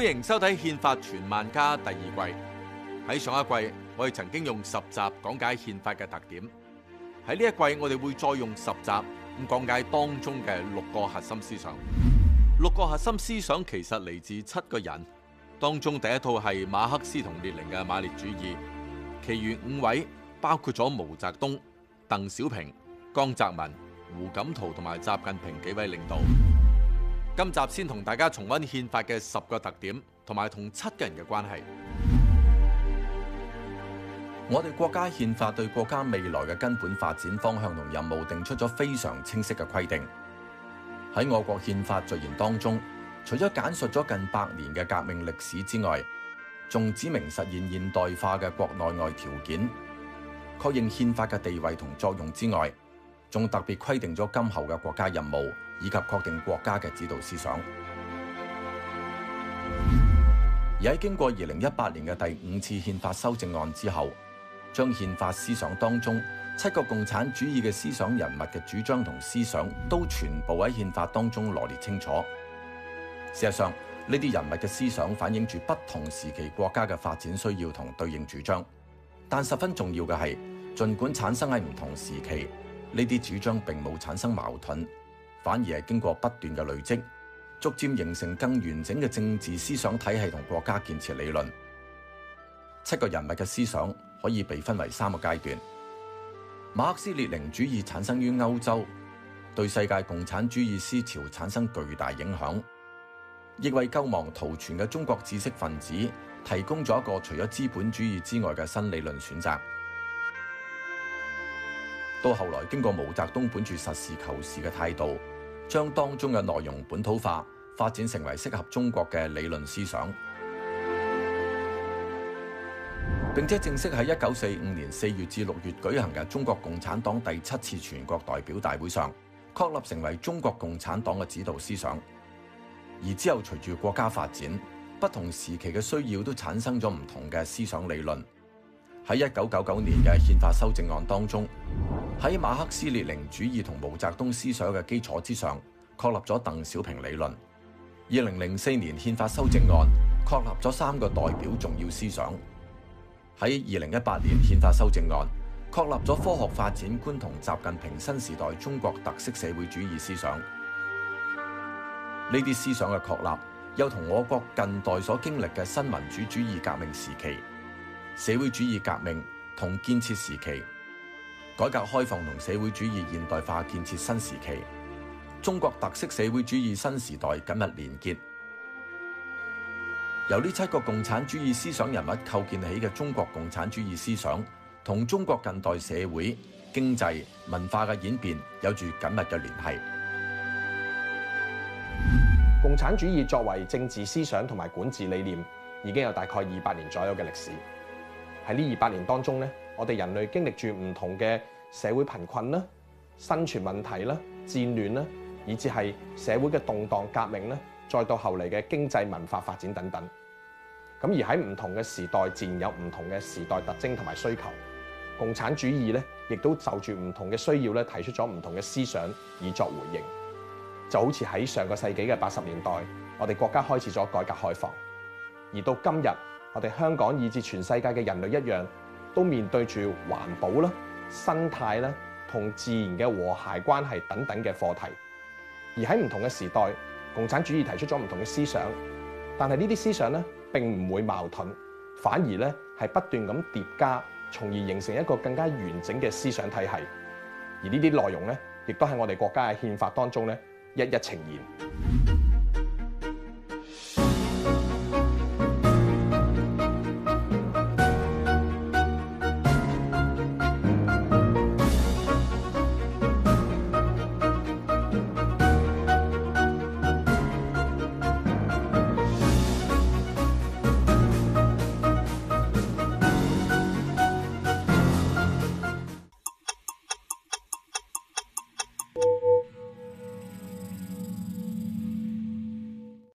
歡迎收睇《憲法傳萬家》第二季。喺上一季，我哋曾經用十集講解憲法嘅特點。喺呢一季，我哋會再用十集咁講解當中嘅六個核心思想。六個核心思想其實嚟自七個人，當中第一套係馬克思同列寧嘅馬列主義，其餘五位包括咗毛澤東、鄧小平、江澤民、胡錦濤同埋習近平幾位領導。今集先同大家重溫憲法嘅十個特點，同埋同七個人嘅關係。我哋國家憲法對國家未來嘅根本發展方向同任務定出咗非常清晰嘅規定。喺我國憲法序言當中，除咗簡述咗近百年嘅革命歷史之外，仲指明實現現代化嘅國內外條件，確認憲法嘅地位同作用之外。仲特別規定咗今後嘅國家任務，以及確定國家嘅指導思想。而喺經過二零一八年嘅第五次憲法修正案之後，將憲法思想當中七個共產主義嘅思想人物嘅主張同思想，都全部喺憲法當中羅列清楚。事實上，呢啲人物嘅思想反映住不同時期國家嘅發展需要同對應主張。但十分重要嘅係，盡管產生喺唔同時期。呢啲主張並冇產生矛盾，反而係經過不斷嘅累積，逐漸形成更完整嘅政治思想體系同國家建設理論。七個人物嘅思想可以被分為三個階段。馬克思列寧主義產生於歐洲，對世界共產主義思潮產生巨大影響，亦為救亡圖存嘅中國知識分子提供咗一個除咗資本主義之外嘅新理論選擇。到後來，經過毛澤東本着實事求是嘅態度，將當中嘅內容本土化，發展成為適合中國嘅理論思想，並且正式喺一九四五年四月至六月舉行嘅中國共產黨第七次全國代表大會上，確立成為中國共產黨嘅指導思想。而之後，隨住國家發展，不同時期嘅需要都產生咗唔同嘅思想理論。喺一九九九年嘅憲法修正案當中。喺馬克思列寧主義同毛澤東思想嘅基礎之上，確立咗鄧小平理論。二零零四年憲法修正案確立咗三個代表重要思想。喺二零一八年憲法修正案確立咗科學發展觀同習近平新時代中國特色社會主義思想。呢啲思想嘅確立，又同我國近代所經歷嘅新民主主義革命時期、社會主義革命同建設時期。改革開放同社會主義現代化建設新時期，中國特色社會主義新時代緊密連結。由呢七個共產主義思想人物構建起嘅中國共產主義思想，同中國近代社會經濟文化嘅演變有住緊密嘅聯繫。共產主義作為政治思想同埋管治理念，已經有大概二百年左右嘅歷史。喺呢二百年當中呢。我哋人類經歷住唔同嘅社會貧困啦、生存問題啦、戰亂啦，以至係社會嘅動盪、革命啦，再到後嚟嘅經濟文化發展等等。咁而喺唔同嘅時代，自然有唔同嘅時代特徵同埋需求。共產主義咧，亦都就住唔同嘅需要咧，提出咗唔同嘅思想以作回應。就好似喺上個世紀嘅八十年代，我哋國家開始咗改革開放，而到今日，我哋香港以至全世界嘅人類一樣，都面對住環保啦、生態咧同自然嘅和諧關係等等嘅課題，而喺唔同嘅時代，共產主義提出咗唔同嘅思想，但係呢啲思想咧並唔會矛盾，反而咧係不斷咁疊加，從而形成一個更加完整嘅思想體系。而呢啲內容咧，亦都喺我哋國家嘅憲法當中咧一一呈現。